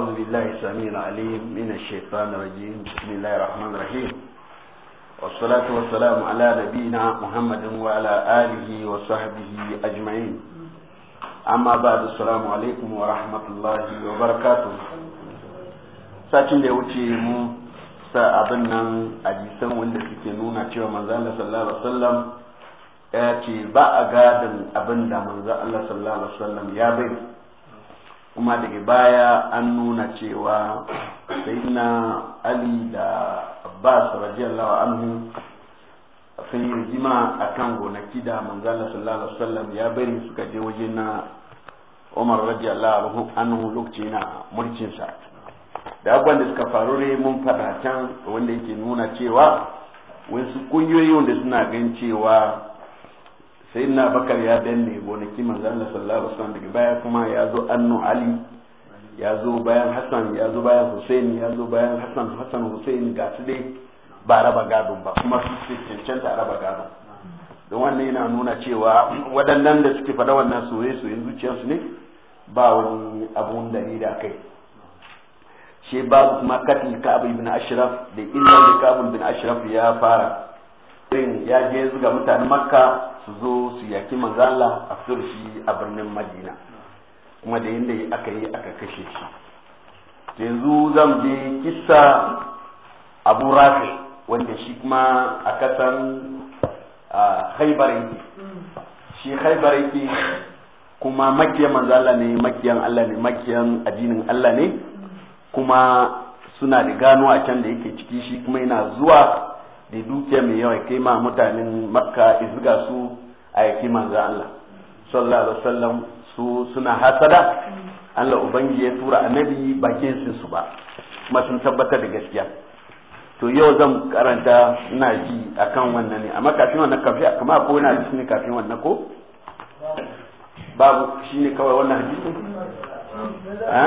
أعوذ بالله السميع العليم من الشيطان الرجيم بسم الله الرحمن الرحيم والصلاة والسلام على نبينا محمد وعلى آله وصحبه أجمعين أما بعد السلام عليكم ورحمة الله وبركاته satin da ya wuce mu sa abin nan hadisan wanda suke nuna cewa manzo Allah sallallahu alaihi ce ba a gadin abin da ya bai kuma daga baya an nuna cewa sayyidina ali da abbas radiyallahu anhu sun yi rigima a kan gonaki da manzala sallallahu sallam ya bari suka je waje na umar radiyallahu anhu lokaci na mulkinsa da abubuwan da suka faru ne mun fada can wanda yake nuna cewa wasu kungiyoyi wanda suna gan cewa sai na bakar ya danne gonaki manzo Allah sallallahu alaihi wasallam daga baya kuma ya zo annu ali ya zo bayan hassan ya zo bayan hussein ya zo bayan hassan hassan hussein ga su dai ba raba gadon ba kuma su cancanta raba gadon don wannan yana nuna cewa waɗannan da suke faɗa wannan soye soyen zuciyarsu ne ba wani abun dalili a kai shi babu kuma katil ka'ab ibn ashraf da illa da ka'ab ibn ashraf ya fara din ya je zuga mutanen makka su zo su yaki manzala a fitar shi a birnin madina kuma da yadda aka yi aka kashe shi yanzu zan je kisa abu rafi wanda shi kuma a kasan haibar shi haibar yake kuma makiyan manzala ne makiyan allah ne makiyan addinin allah ne kuma suna da gano a can da yake ciki shi kuma yana zuwa da dukiya mai yawa kima ma mutanen makka izga su a yaki manzo Allah sallallahu alaihi wasallam su suna hasada Allah ubangi ya tura annabi bakin sun su ba kuma sun tabbata da gaskiya to yau zan karanta ina ji akan wannan ne amma kafin wannan kafin kuma ko ina ji ne kafin wannan ko babu shine kawai wannan hadisi ha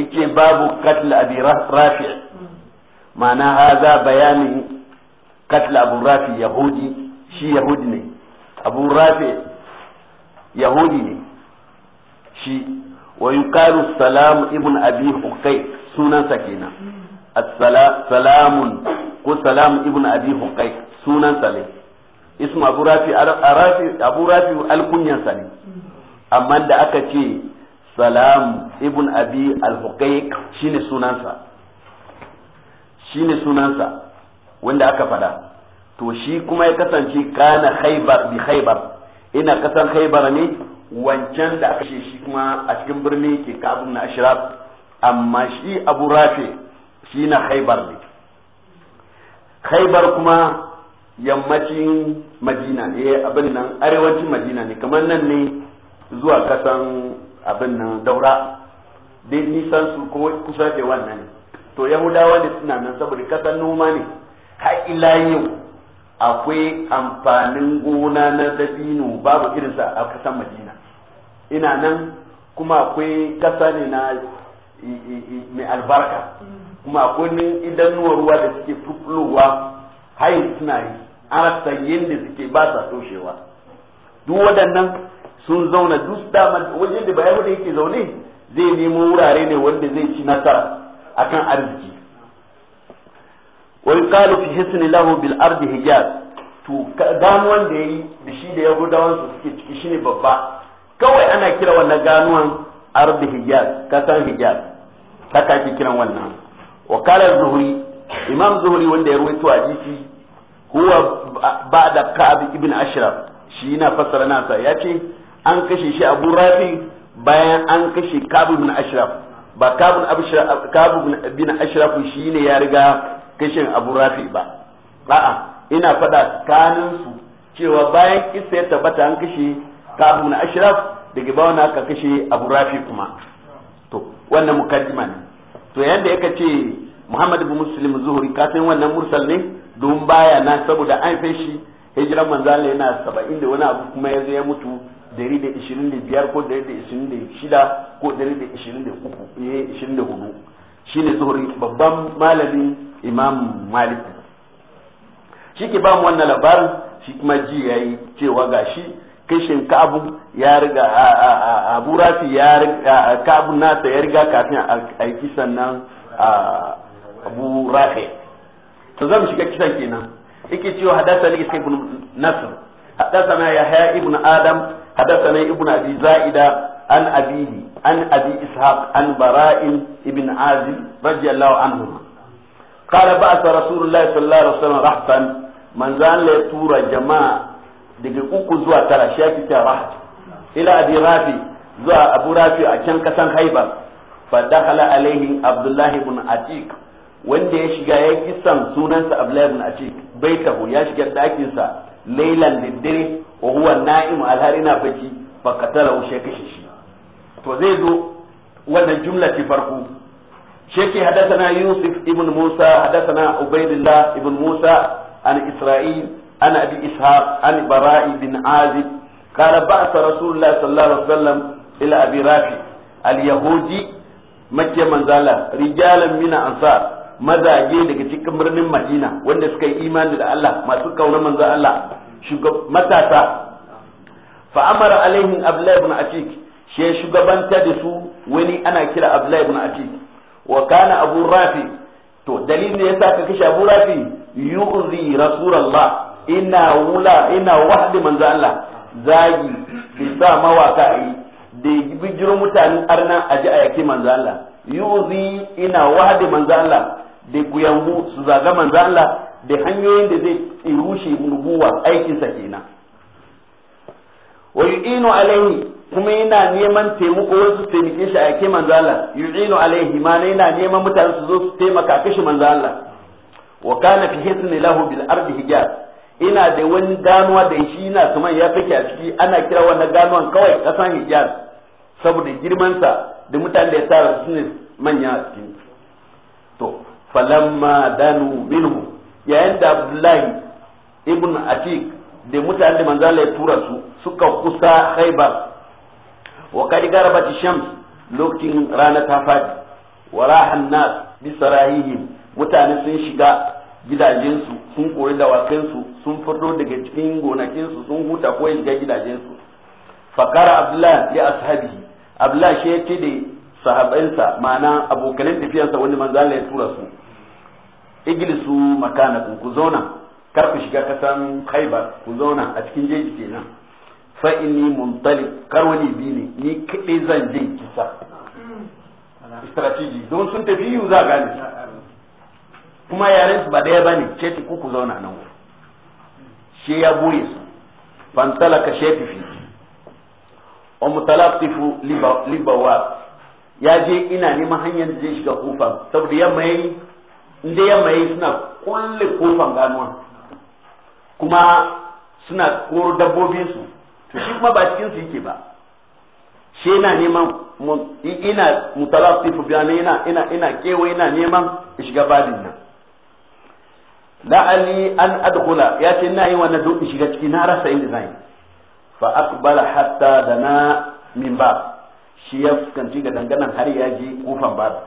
yake babu katla abi rafi' ma'ana haza bayanin katla abu rafi yahudi shi yahudi ne abu rafi yahudi ne shi wa yuqalu salam ibn abi hukai sunansa kenan salamun ko salam ibn abi hukai sunansa ne ismu abu rafi abu rafi sa ne amma da aka ce salam ibn abi al-huqaiq shine sunansa shi ne sunansa wanda aka fada to shi kuma ya kasance kana khaybar bi khaybar ina kasan khaybar ne wancan da aka ce shi kuma a cikin birni ke kabun na ashraf amma shi abu rafi shi na khaybar ne khaybar kuma yammacin madina ne eh, abin nan arewacin madina ne kamar nan ne zuwa kasan abin nan daura dai nisan su ko kusa da wannan to yahudawa ne suna nan saboda kasan noma ne har ila yau akwai amfanin gona na dabino babu irinsa a kasan madina ina nan kuma akwai kasa ne na mai albarka kuma akwai idan ruwa da suke fulowa hayin suna yi an rasa yadda suke ba sa toshewa duk waɗannan sun zauna duk dama wajen da bayan wanda yake zaune zai nemo wurare ne wanda zai ci nasara akan arziki wani kalu fi hisni lahu bil ardi hijaz to ganuwan da yayi da shi da yahudawan su suke ciki shine babba kawai ana kira wannan ganuwan ardi hijaz kasan hijaz haka ake kiran wannan wa kala zuhri imam zuhri wanda ya ruwaito hadisi huwa ba'da ka'ab ibn ashraf shi yana fassara nasa yace an kashe shi abu rafi bayan an kashe ka'ab ibn ashraf ba kabun bin ashrafu shi ne ya riga kishin abu rafi ba a'a ina faɗa su cewa bayan kisa ya tabbata an kashe kabun ashraf daga bawana aka kashe abu rafi kuma to wannan mukaddima ne to yanda yaka ce muhammad bin muslim zuhuri ka san wannan mursal ne don baya na saboda an fashi hijiran manzo yana 70 da wani abu kuma ya ya mutu 125 ko 126 ko 124 eh, shine zuhri babban malami imam malik shi ke ba mu wannan labarin shi kuma ji ya yi cewa ga shi kishin ka'abu ya riga abu rafi ya riga ka'abu nasa ya riga kafin a yi kisan nan abu rafi to zan shiga kisan kenan yake cewa hadasa ne ibn nasr hadasa na yahya ibn adam حدثنا ابن أبي زائدة عن أبيه عن أبي إسحاق عن براء ابن عازب رضي الله عنهما قال بعث رسول الله صلى الله عليه وسلم رحبا من زال يطور جماعة daga uku zuwa tara shi ake cewa rahat ila rafi zuwa abu rafi a can kasan haiba fa dakhala alaihi abdullah ibn atiq wanda ya shiga ya kisan sunansa abdullah ibn atiq baitahu ya shiga ɗakinsa lailan da dare wa huwa na'im alhari na bacci fa tara shi kashe shi to zai zo wannan jumla ce farko sheke hadathana yusuf ibn musa hadathana ubaidillah ibn musa an isra'il an abi ishaq an bara'i bin azib قال بعث رسول الله صلى الله عليه وسلم إلى أبي رافع اليهودي مكة من زالة رجالا من أنصار mazaje daga cikin birnin Madina wanda suka yi imani da Allah masu kauna manzo Allah matasa fa amara alaihim abdullahi ibn atik shi shugabanta da su wani ana kira abdullahi ibn atik wa kana abu rafi to dalilin da yasa ka kashe abu rafi yu'zi rasulullah ina wula ina wahdi manzo Allah zagi bi sa mawaka yi da bijiro mutanen arna aji a yake manzo Allah yu'zi ina wahdi manzo Allah da kuyangu su zaga manzo Allah da hanyoyin da zai rushe nubuwa aikinsa kenan wa yu'inu alaihi kuma yana neman taimako wasu taimake shi a yake manzo Allah yu'inu alaihi ma yana neman mutane su zo su taimaka kashi manzo Allah wa kana fi hisni lahu bil ardi hijaz ina da wani ganuwa da shi ina kuma ya fike a ciki ana kira wannan ganuwan kawai kasan hijaz saboda girman sa da mutane da ya tara su ne manya a cikin. to falamma danu minhu yayin da abdullahi ibn atik da mutane da manzala ya tura su suka kusa haibar wa kad garabat shams lokacin rana ta fadi wa rahan nas bi sarahihim mutane sun shiga gidajensu sun kori su sun fito daga cikin gonakinsu sun huta ko shiga gidajensu fakara abdullah ya ashabi abdullah shi yake da sahabansa ma'ana abokan tafiyarsa wani manzo ya tura su igilisu makanakum ku zauna kar ku shiga kasan haibar ku zauna a cikin jeji kenan fa inni muntali kar wani bi ne ni kade zan je kisa strategy don sun tafi yiwu za gane kuma yaren su ba daya ba ce ku ku zauna nan wuri shi ya buri su fantala ka shefi fi o mutalaqtifu libawa ya je ina neman hanyar zai shiga kufa saboda yamma yayi inda yamma yi suna kulle kofan ganuwa kuma suna koro dabbobinsu to shi kuma ba cikin su yake ba shi yana neman ina mutalaffifu biyane ina ina ina kewa ina neman shiga babin nan la'ali an adkhula ya ce ina yi wannan don shiga ciki na rasa inda zan fa aqbala hatta dana min ba shi ya fuskanci ga danganan har ya je kofan ba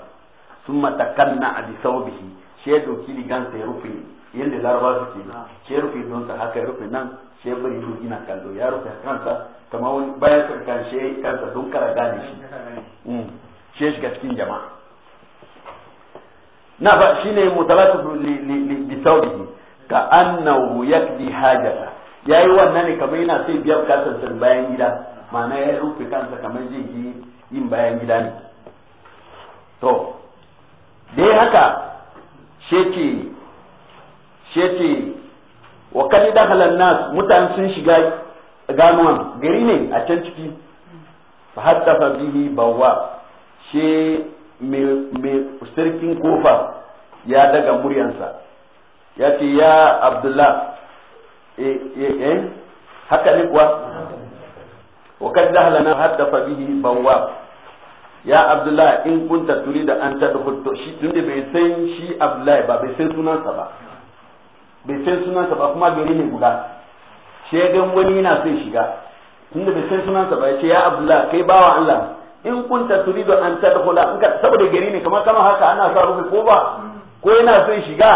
sun matakan na a saubihi shi ya doki rigansa ya rufe yadda laraba suke nan shi ya rufe donsa haka ya rufe nan shi ya bari su gina kallo ya rufe kansa kamar wani bayan kankan shi ya yi kansa don kara gane shi shi ya shiga cikin jama'a na ba shi ne mutalatu li saubihi ka annahu yakdi hajata yi wannan ne kamar yana sai biyar kasar bayan gida ma'ana ya rufe kansa kamar zai yi yin bayan gida ne to dai haka sheke sheke wa kadi dakhala nas mutan sun shiga ganuwan gari ne a can ciki fa fa bihi bawwa she mai sarkin kofa ya daga muryansa ya ce ya abdullah eh haka ne kuwa wa nas hatta fa bihi bawwa ya abdullahi in kunta turi da an tada hoto shi tun da bai san shi abdullahi ba bai san sunansa ba bai san sunansa ba kuma gari ne guda shi ya wani yana son shiga tun da bai san sunansa ba ya ce ya abdullahi kai bawa Allah in kunta turi da an tada hula in ka saboda gari ne kamar kama haka ana sa rufe ko ba ko yana son shiga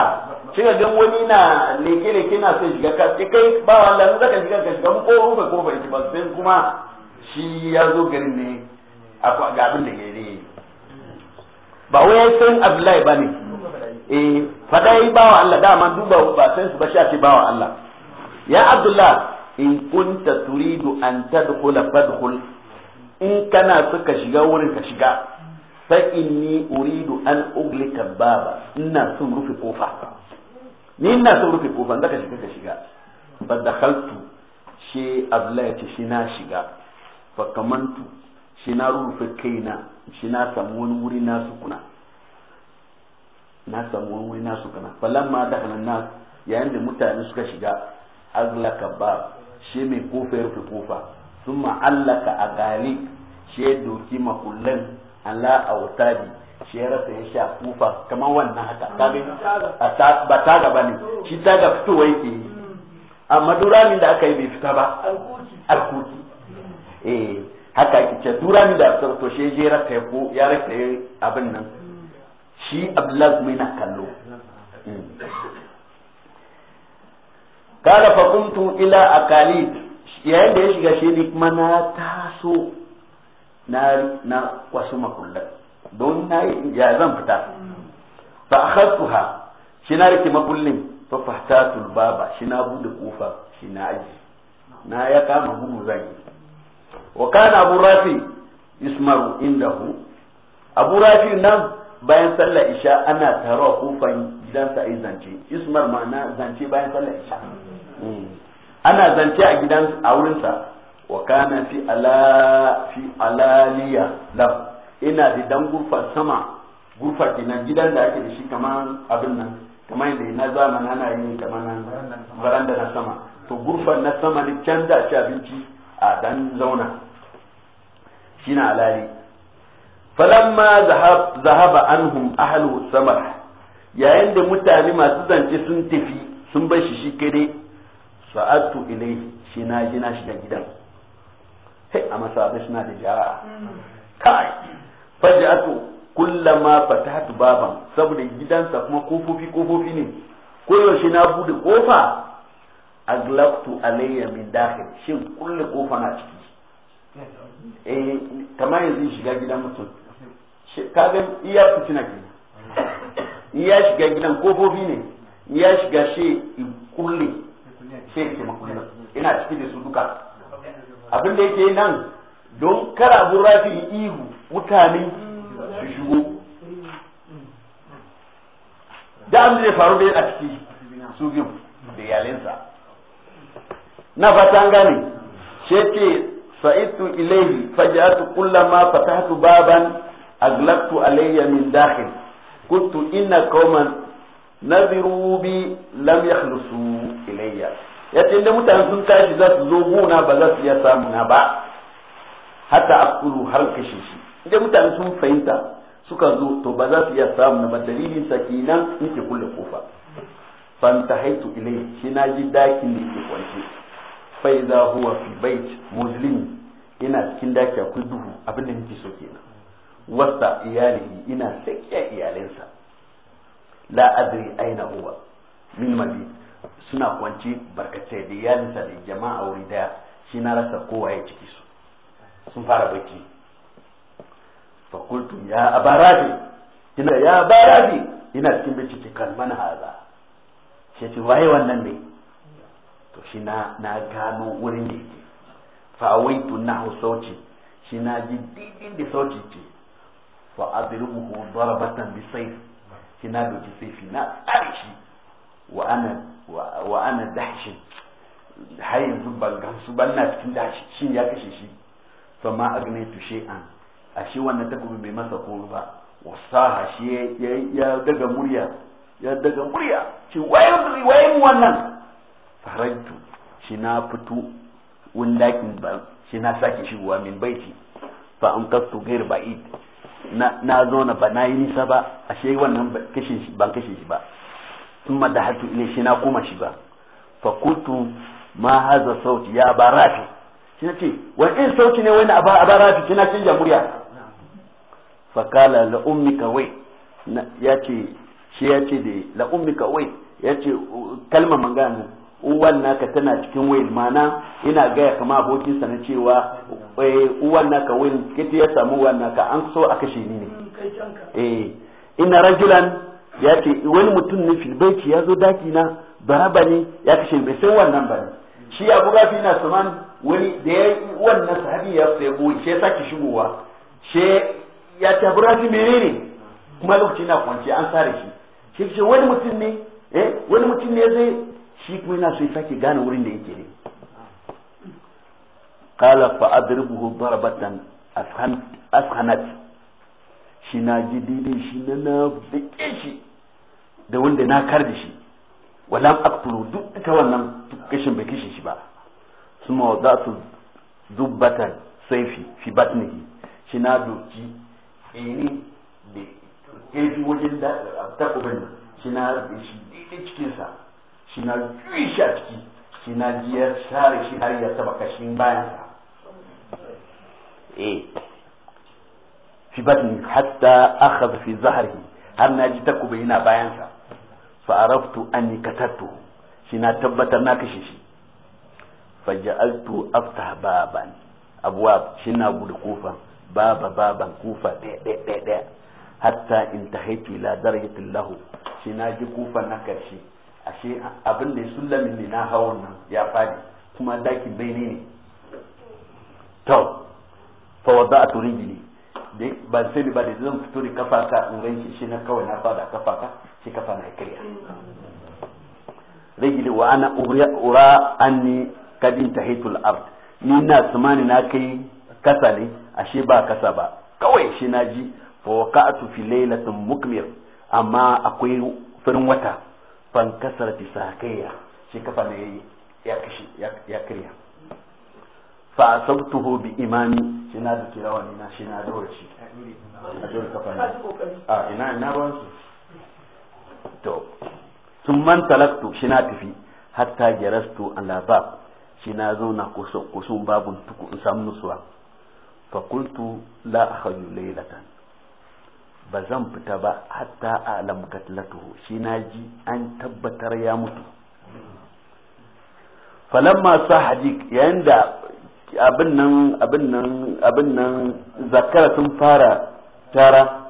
shi ga gan wani na leke leke na son shiga ka kai bawa Allah in zaka shiga ka shiga mu ko rufe ko ba ba san kuma shi ya zo garin ne akwai ga abin da ya yi ba wai san abdullahi ba ne eh fada yi wa Allah dama duba ba san su ba sha ce wa Allah ya abdullah in kunta turidu an tadkhula fadkhul in kana so ka shiga wurin ka shiga fa inni uridu an uglika baba ina son rufe kofa ni ina son rufe kofa da ka shiga ka shiga fa dakhaltu shi abdullahi ce shi na shiga fa kamantu shi na rufe kaina shi na samu wani wuri na sukuna na samu wani wuri na sukuna falan ma da hannun na yayin da mutane suka shiga azlaka ba shi mai kofa ya rufe kofa sun ma'allaka a gali shi ya doki makullin ala autadi shi ya rasa ya sha kofa kamar wannan haka ba ta gaba ne shi ta ga fitowa yake yi amma duramin da aka yi bai fita ba alkoki eh haka ki ce turani da asar to shi je raka ko ya raka abin nan shi ablaz mai na kallo kala kuntu ila akali yayin da ya shiga shi ni kuma na taso na na wasu makulla don na ya zan fita fa akhadtuha shi na rike makullin fa fahtatul baba shi na bude kofa shi na aji na ya kama gudu zan yi wa kana abu rafi ismaru indahu abu rafi nan bayan sallar isha ana taro a kofan gidansa a zance ismar ma'ana zance bayan sallar isha mm. ana zance a gidan a wurinsa wa kana fi ala fi alaliya lam ina da dan gurfa sama gurfa kenan gidan da ake da shi kaman abin nan kamar yadda na zamana ana yi nan baranda na sama to gurfa na sama ne can da ci abinci a dan zauna na alali falamma zahaba anhum ahlu samar yayin da mutane masu zance sun tafi sun bar shi shi kare sa'atu ilai shi na ji na shi da gidan sai a masa shi na da jara kai fajatu kullama fatahtu baban saboda gidansa kuma kofofi kofofi ne koyaushe na bude kofa aglaktu alayya min dakhil shin kulle kofa na ciki eh kamar yanzu shiga gidan mutum kaga iya na ke iya shiga gidan kofofi ne iya shiga she kulle sai ke makulle ina ciki da su duka abin da yake nan don kara abu rafi ihu mutane su shigo da abin da ya faru da a ciki su biyu da iyalinsa na fata an gane shi ce fa'itu ilaihi fajatu kullama fatahtu baban aglaqtu alayya min dakhil kuntu inna qauman naziru bi lam yakhlusu ilayya yace inda mutane sun tashi za su zo gona ba za su iya samu na ba hatta akulu har kashe shi inda mutane sun fahimta suka zo to ba za su iya samu na ba dalilin sakinan nake kulle kofa fantahaitu ilayhi shi na ji dakin ne ke kwance fa huwa fi bait muslim ina cikin daki akwai duhu abin da nake so kenan wasta iyalihi ina sakiya iyalinsa la adri aina huwa min mali suna kwanci barkatai da iyalinsa da jama'a wuri daya shi na rasa kowa ya ciki su sun fara baki fakultu ya abarabi ina ya abarabi ina cikin bincike kan manhaza shi ce waye wannan ne to shi na na gano wurin da yake waitu nahu sauti shi na ji didin da sauti ce fa adribuhu darabatan bi sayf shi na doki sayfi na tsare shi wa ana wa ana dahshi har yanzu ban gansu ban na cikin dashi shin ya kashe shi fa ma agnaitu shay'an ashe wannan takobi bai masa komai ba wasaha shi ya daga murya ya daga murya shi wayan wayan wannan farajtu shi na fito wani ba shi na sake shigowa min baiti fa an kastu gair ba'id na zo na ba na yi nisa ba ashe wannan ban kashe shi ba sun ma da hatu ile shi na koma shi ba fa kutu ma haza sauti ya barafi shi na ce in sauti ne wani abarafi shi na canja murya fa kala la ummika wai ya ce shi ya ce da la ummika wai ya ce kalmar mangana uwan naka tana cikin wayin mana ina gaya kama abokinsa na cewa eh, uwan naka wayin kiti ya samu uwan naka an so a kashe ni ne mm, eh ina rajulan ya ce wani mutum ne filbaiki ya zo daki na baraba ne ya kashe bai san wannan ba shi abu gafi na saman wani da ya wannan sahabi ya sai boye shi ya sake shigowa shi ya ce abu gafi menene kuma lokaci na kwanci an sare shi shi wani mutum ne eh wani mutum ne zai shi kuma yana so ya sake gane wurin da yake ne qala fa adribuhu darabatan afhan afhanat shi na ji daidai shi na bike shi da wanda na kar da shi wala aqtulu duk wannan kashin bai shi ba suma wadatu dubbatan saifi fi batnihi shi na doki da ƙefi wajen da kubin shi na da shi daidai cikinsa shi juyi shi a ciki shi na ji ya sare shi har ya saba kashin bayansa eh fi batni hatta akhadha fi zahrihi har na ji takuba yana bayansa fa araftu anni katattu shi tabbatar na kashe shi fa ja'altu aftah baban abwab shi gudu kofa baba baban kufa ɗaya ɗaya ɗaya hatta intahaitu ila darajatin lahu shi na ji kufa na karshe ashe abin da ya sullamin ne na hawan nan ya fadi kuma dakin bai ne to fa wadda a turin gini ba sai ba da zan fito da kafa ka in ganshi shi na kawai na fada kafa ka shi kafa na kariya rigili wa ana ura anni kadin tahitul ard ni na tsamani na kai kasa ne ashe ba kasa ba kawai shi na ji fa waqa'tu fi laylatin mukmir amma akwai firin wata fan kasar tisakaiya shi kafa ne ya kashi ya kirya fa sautuhu bi imami shi na da kirawa ne na shi na dora shi a dora kafa ne a ina ina ruwan su to sun man talaktu shi na tafi hatta gerastu ala bab shi na zauna kusun babun tuku in samu nusuwa fa kultu la akhaju laylatan ba zan fita ba hatta alam katlatuhu shi na ji an tabbatar ya mutu falamma sa hadik yayin da abin nan abin nan abin nan zakara sun fara tara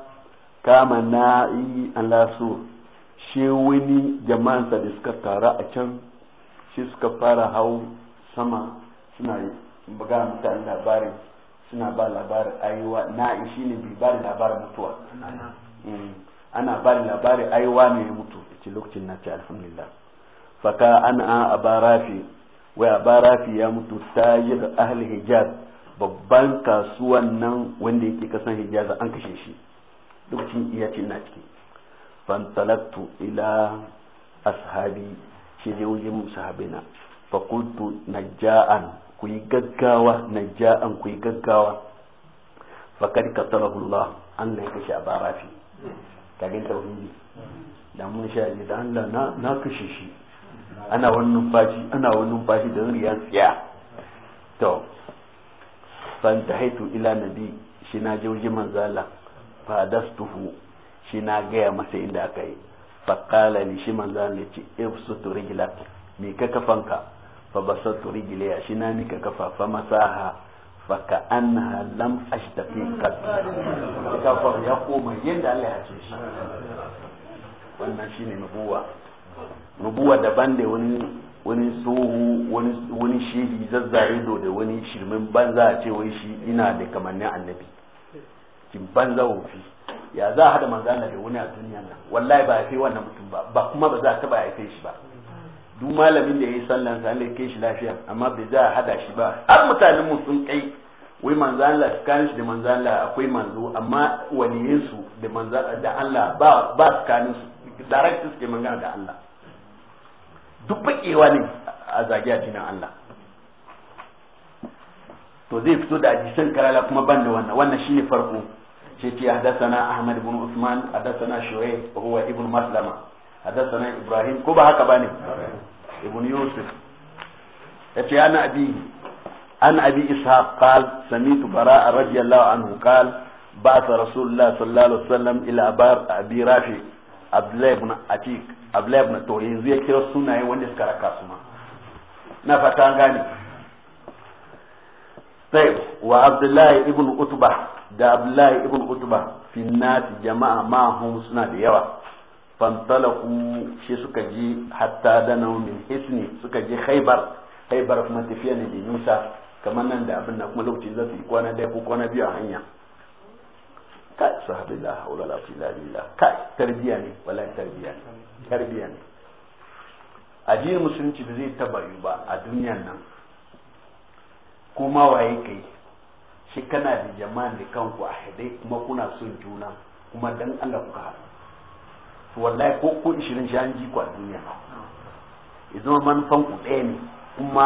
kama na yi alaso shi wani jama'ansa da suka tara a can shi suka fara hau sama suna buga mutane labarin suna ba labarin aiwa na shi ne bai ba labarin mutuwa mm. ana ba labarin aiwa ne ya mutu a lokacin na ce alhamdulillah faka an a abarafi wai abarafi ya mutu ta yi da ahal hijaz babban kasuwan nan wanda yake kasan hijaz an kashe shi lokacin iya ce na ciki fantalaktu ila ashabi shi je wajen sahabina fakultu najja'an ku yi gaggawa na ja'an ku yi gaggawa fakar ka Allah an na kashe a barafi ta tauhidi da mun sha ne da Allah na kashe shi ana wani numfashi ana wani numfashi da riyan tsiya to fan tahaitu ila nabi shi na je wajen manzala fa dastuhu shi na gaya masa inda aka yi fa ne shi manzala ne ce ibsutu rijlak me ka kafanka fa رجلي rijliya shi na mika kafa fa masaha fa ka annaha lam ashtafi qat kafa ya koma yanda Allah ya ce shi wannan nubuwa nubuwa daban da wani tsohu wani shehi zazzare do da wani shirmin banza a ce wai shi ina da kamannin annabi kin banza wofi ya za a hada manzana da wani a duniya nan wallahi ba a fi wannan mutum ba ba kuma ba za a taba haife shi ba duk malamin da ya yi sallan sa Allah kai shi lafiya amma bai za a hada shi ba har mutanen mu sun kai wai manzo Allah tsakanin shi da manzo Allah akwai manzo amma waliyin su da manzo da Allah ba ba tsakanin su direct suke magana da Allah duk bakewa ne a zagiya a Allah to zai fito da hadisan karala kuma ban da wannan wannan shine farko ce ce hadathana Ahmad ibn Usman hadathana Shuayb huwa ibn Maslama hadathana Ibrahim ko ba haka bane ibn yusuf ana abi an abi isa qal samitu bara radiyallahu anhu qal ba'atha rasulullah sallallahu alaihi wasallam ila bar abi rafi abdullah ibn atik abdullah ibn to yanzu ya kira sunaye wanda suka raka su ma na fata gani sai wa abdullah ibn utba da abdullah ibn utba fi nas jama'a ma hum suna da yawa fantalaku shi suka ji hatta danau min hisni suka je haibar haibar kuma tafiya ne da nisa kamar nan da abin da kuma lokacin za su yi kwana daya ko kwana biyu a hanya kai sahabi la haula la quwwata illa ka kai tarbiya ne wallahi tarbiya ne tarbiya ne addinin musulunci ba zai taba yi ba a duniyar nan kuma waye kai shi kana da jama'a da kanku a hade kuma kuna son juna kuma dan Allah kuka haɗu to wallahi ko ko 20 shi an ji ku a duniya ya zama manufan ku ɗaya ne kuma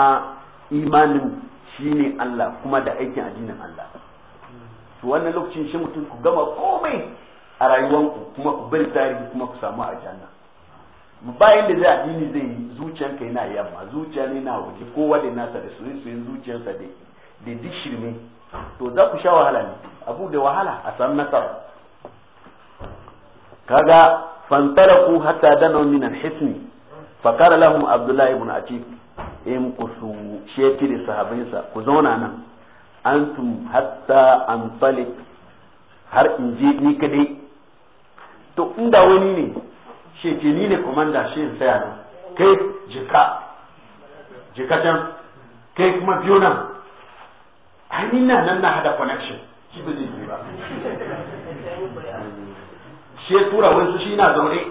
imanin shine Allah kuma da aikin addinin Allah to wannan lokacin shi mutum ku gama komai a ku kuma ku bari tarihi kuma ku samu aljanna bayan da zai addini zai yi kai na yamma zuciya ne na waje kowa da nasa da soyin soyin zuciyarsa da da duk shirme to za ku sha wahala ne abu da wahala a san nasara kaga fantaraku hatta dano min al-hisni fakara lahum abdullahi ibn atik in kusu sheki da sahabinsa ku zauna nan antum hatta antalik har in je ni kadai to inda wani ne shi ni ne komanda shi in saya nan kai jika jika can kai kuma biyo nan ni na nan na hada connection shi ba zai ba she tura wani su shi na zaune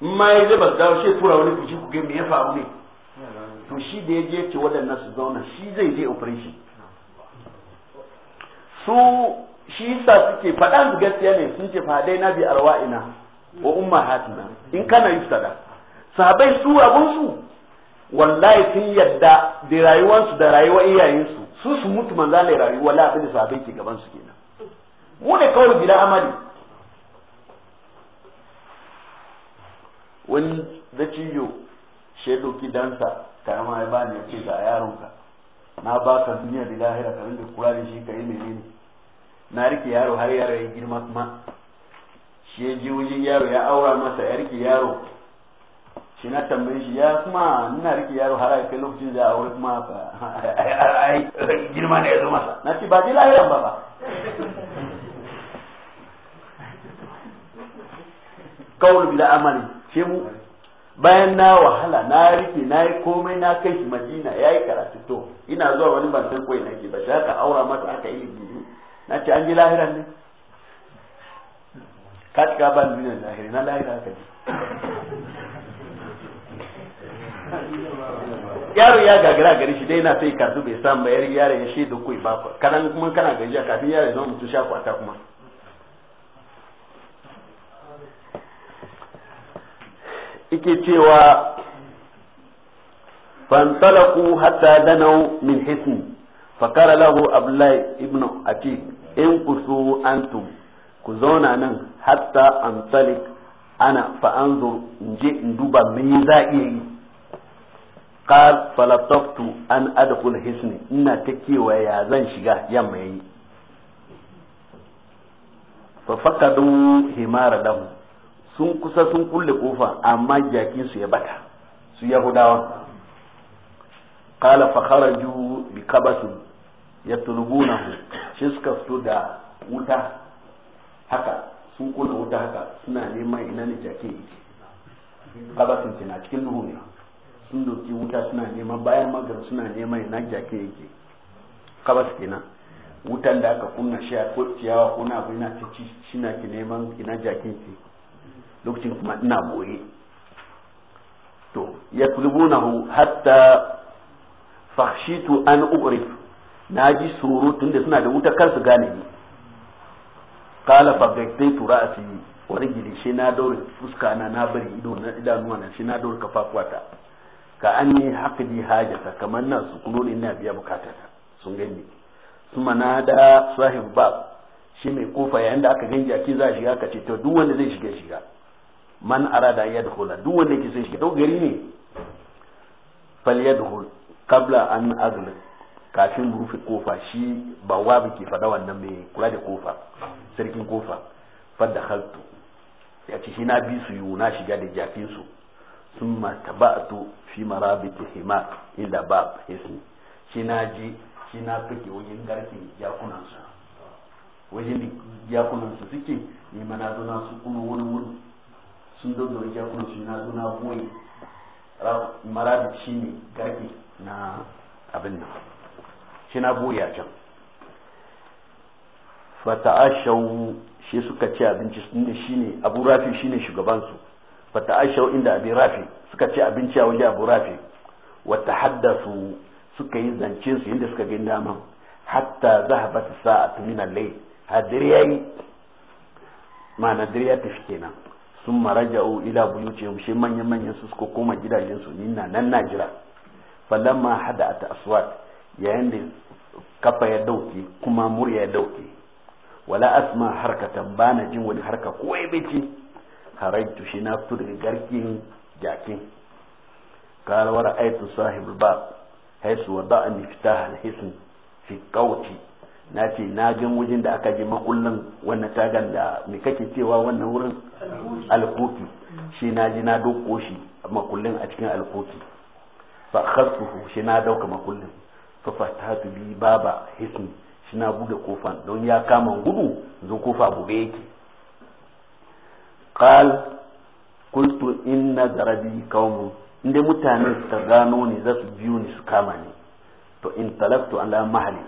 ma ya je ba dawo she tura wani ku ji ku ga me ya faru ne to shi da ya je ce waɗannan su zauna shi zai je operation su shi sa suke faɗa su gaskiya ne sun ce fadai na bi arwa'ina wa umma hatina in kana yustada sahabai su abun su wallahi sun yadda da rayuwansu da rayuwar iyayensu su su mutu manzalai rayuwa la abin da sahabai ke gaban su kenan mu ne kawai gida amali wani da ciyo shi ɗauki dansa karama ya bani ya ce ga yaronka na ba ka duniya da lahira ka rinka kula da shi ka yi ne na rike yaro har yaro ya girma kuma shi ya ji wajen yaro ya aura masa ya rike yaro shi na tambaye shi ya kuma ina rike yaro har ya kai lokacin da aure kuma ai girma ne ya zo masa na ce ba ji lahiran ba ba kawul bila amali ce mu bayan na wahala na rike na yi komai na kai shi madina ya yi karatu to ina zuwa wani ban san koyi nake ba shi aka aura mata aka yi biyu na ce an ji lahira ne ka cika ban duniyar lahiri na lahira ka ji yaro ya gagara gari shi dai na sai karatu bai samu ba yar yaro ya shaidu kuwa ba kuma kana gajiya kafin yaro ya zama mutum sha kwata kuma yake cewa fantalaku hatta danau min hisn fakara lahu abdullahi ibnu ati in kusu antum ku zauna nan hatta antalik ana fa in je in duba me za iya yi qal an adkhul hisni ina ta kewa ya zan shiga yamma yi fa fakadu himara damu sun kusa sun kulle kofa amma jakin su ya bata su yahudawa qala fa kharaju bi ya yatlubunahu shi suka fito da wuta haka sun kulle wuta haka suna neman ina ne jakin yake kabasin tana cikin duhu ne sun doki wuta suna neman bayan magar suna neman ina jakin yake kabas kenan wutan da aka kunna shi a ko ciyawa ko na abu yana ci shi na ki neman ina jakin ki lokacin kuma ina boye to ya hu hatta fahshitu an ugrif naji tsoro tunda suna da wuta kar gane ni qala fa gaitu ra'si wani gidi shi na daure fuska na na bari ido na idanuwa na shi na daure kafafuwata ka an yi haƙidi hajata kamar na su kuno ne na biya ta sun gani su mana da sahib ba shi mai kofa yayin da aka ganji ake za a shiga ka ce to duk wanda zai shiga shiga man arada an yadkhula duk wanda yake son shi dau gari ne fal yadkhul qabla an aghlaq kafin rufe kofa shi ba wa ke fada wannan mai kula da kofa sarkin kofa fadda haltu ya ce shi na bi su yiwu na shiga da jafin su sun mataba'atu fi marabiti hima illa bab hisni shi na je shi na fike wajen garkin jakunansu wajen jakunansu suke ne mana zo na su kuma wani wuri sun zo da rijiya kuma shi na zo boye maradu shi ne garbe na abin nan shi na boye a can fata'ashau shi suka ci abinci sun da shi ne abu rafi shi ne shugabansu fata'ashau inda abin rafi suka ci abinci a waje abu rafi wata haddasu suka yi zancensu yadda suka gani daman hatta sa a min na lai hadiriyayi ma nadriya tafi kenan sun maraja'u ila buyutihim shi manyan manyan su suka koma gidajensu ni na nan na jira falamma hada ta aswat yayin da kafa ya dauke kuma murya ya dauke wala asma harkatan bana jin wani harka ko ai bace haraitu shi na fito daga garkin jakin kala wa Sahib sahibul bab haisu wada'a miftah al alhisn fi qawti na ce na gan wajen da aka je makullin wannan tagan da me kake cewa wannan wurin alkuti shi na ji na doko shi makullin a cikin alkuti fa khasuhu shi na dauka makullin fa fatatu bi baba hisni shi na bude kofan don ya kama gudu zo kofa buɗe yake qal qultu inna zarabi qaumun inda mutane ta gano ni za su biyo ni su kama ni to in talaktu ala mahali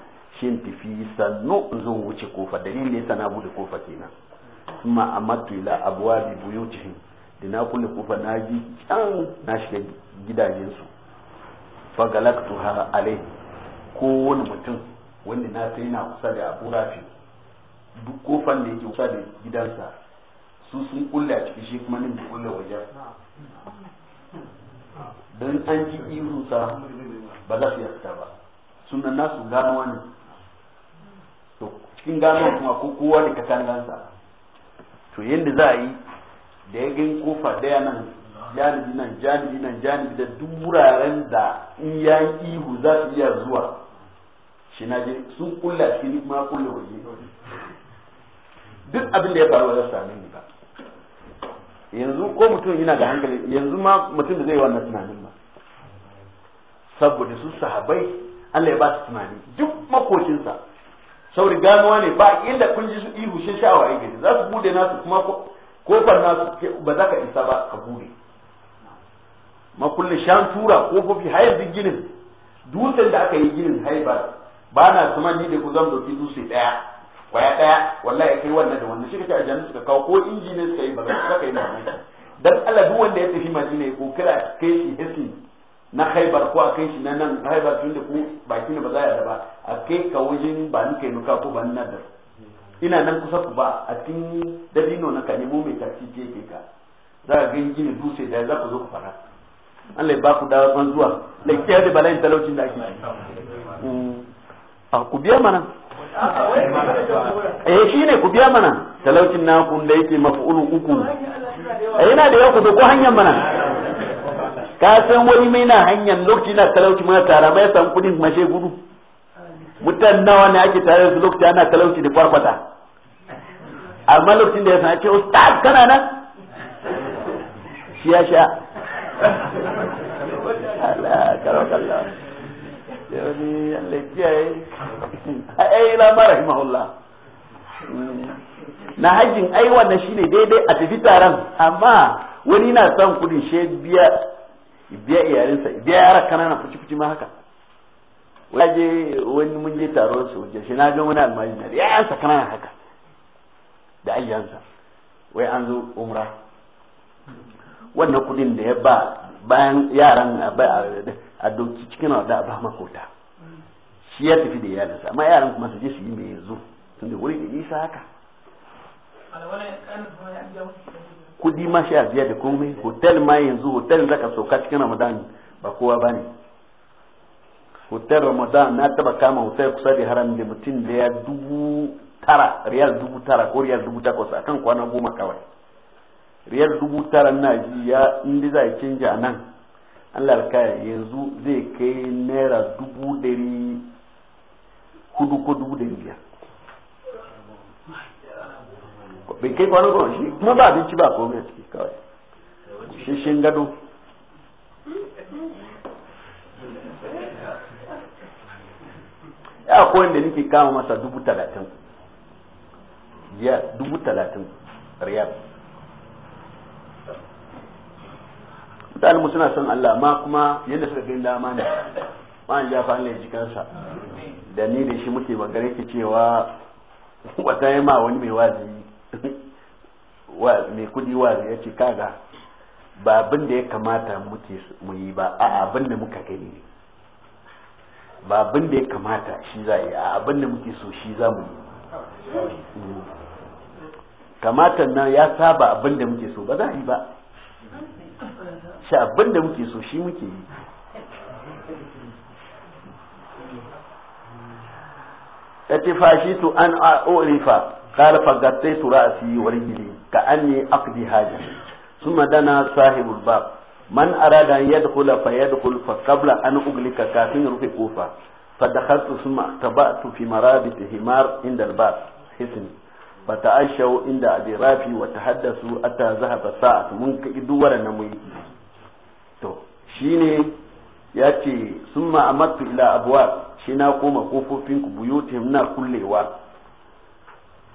shin tafi sannu zo wuce kofa dalilin yasa na bude kofa kenan ثم amattu ila abwabi بيوتهم da na kulle ناجي na ji can na shiga عليه fa متن alai ko wani mutum na ta yana kusa da abu rafi duk kofan da yake kusa da gidansa su sun kulle a cikin shi kuma nin da kulle wajen don an ji irusa ba za su iya ba sunan nasu gano wani to cikin gano kuma ko kowa da katangansa to yadda za a yi da ya gani kofa daya nan janibi nan janibi nan janibi da duk wuraren da in ya yi ihu za su iya zuwa shi na je sun kulla shi ni ma kulla waje duk abin da ya faru wajen sami su ni ba yanzu ko mutum yana da hankali yanzu ma mutum da zai wannan tunanin ba saboda su sahabai Allah ya ba su tunani duk makocinsa sauri ganuwa ne ba inda kun ji su ihu shi sha'awa ai gari za su bude nasu kuma kofar nasu ba za ka isa ba ka bude makullin shan tura kofofi hayar duk ginin dutsen da aka yi ginin haibar ba na su ni da ku zan doki dutse daya kwaya daya wallahi ya kai wannan da wannan shi kace aljanna suka kawo ko inji ne suka yi ba za ka yi mamaki dan Allah duk wanda ya tafi madina ya kokira kai shi hisi na haibar ko a kai shi na nan haibar tun da ku baki ne ba za a yarda ba a kai ka wajen ba ni kai nuka ko ba ni na da ina nan kusa ku ba a cikin dabino na ka nemo mai tafi je ke ka za a gani gini dutse da za ku zo ku fara Allah ya ba ku dawa ban zuwa kiyar da balayin talaucin da ake hmm. a ku biya mana eh shine ku biya mana talaucin ku da yake ulu uku eh yana da yau ku ko hanyar mana ka san wani mai na hanyar lokaci na talauci ma tara mai san kudin mashe gudu mutan nawa ne ake tare da lokaci ana talauci da farfata amma lokacin da ya sanar ce ustaz kana nan shi sha na hajjin ai wannan shine daidai a tafi taron amma wani na son kudin shi biya biya iyalinsa biya yara kanana fuci fuci ma haka waje wani mun je taron su waje shi na ga wani almajin da yayansa kanana haka da ayyansa wai an zo umra wannan kudin da ya ba bayan yaran a doki cikin wada ba makota shi ya tafi da iyalinsa amma yaran kuma su je su yi mai yanzu tunda wuri da isa haka kudi ma shi biya da komai hotel ma yanzu hotel ka sauka cikin ramadan ba kowa ba ne hotel ramadan na taba kama hotel kusa da haram da mutum da ya dubu tara riyal dubu tara ko riyal dubu takwas akan kwana goma kawai riyal dubu tara na ji ya inda za a canja a nan allah ka yanzu zai kai naira dubu dari hudu ko dubu dari biyar bai kai kwanan kwanan shi kuma ba abinci ba ko a ciki kawai shishin gado ya akwai wanda nake kama masa dubu talatin ya dubu talatin riyal mutane suna son Allah ma kuma yadda suka gani dama ne ma'an ya fa Allah ya ji kansa da ni da shi muke magana ke cewa wata ma wani mai wazi mai kudi wazi ya ce kaga ba abin da ya kamata mu yi ba a abin da muka gani ne ba abin da ya kamata shi za yi a abin da muke so shi za mu yi kamata nan ya saba abin da muke so ba za a yi ba shi abin da muke so shi muke yi ya ce fashi to an a'urifa قال فقطيت رأسي ورجلي كأني أقضي حاجة ثم دنا صاحب الباب من أراد أن يدخل فيدخل فقبل أن أغلق كافين رفي كوفة فدخلت ثم اختبأت في مرابط حمار عند الباب حسن فتعشوا عند أبي رافي وتحدثوا أتى ذهب ساعة من كدور نموي تو شيني ياتي ثم أمدت إلى أبواب شنا قوم قوفوا فينك بيوتهم نا كل وقت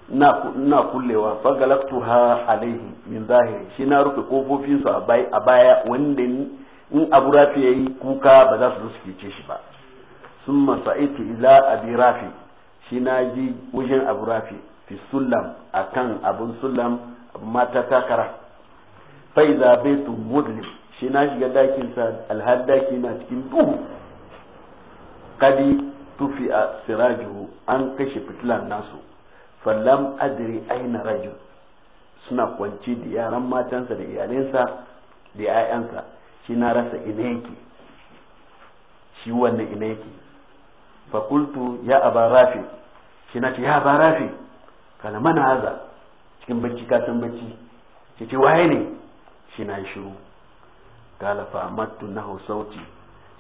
na kullewa fagalaktu ha alaihi min zahiri shi na rufe kofofinsu a baya wanda in abu rafi ya yi kuka ba za su suke ce shi ba sun masa'itu ila abi rafi shi na ji wajen abu rafi fi sulam a kan abin sulam mata kakara faiza baitu mudlim shi na shiga dakinsa alhad daki na cikin duhu kadi tufi a sirajuhu an kashe fitilan nasu falam adri aina rajul suna kwance da yaran matansa da iyalinsa da 'ya'yansa shi na rasa ina yake shi wanne ina yake fakultu ya aba rafi shi na ce ya aba rafi kana mana haza cikin bacci ka bacci Shi ce waye ne shi na shiru kala fa amattu nahu sauti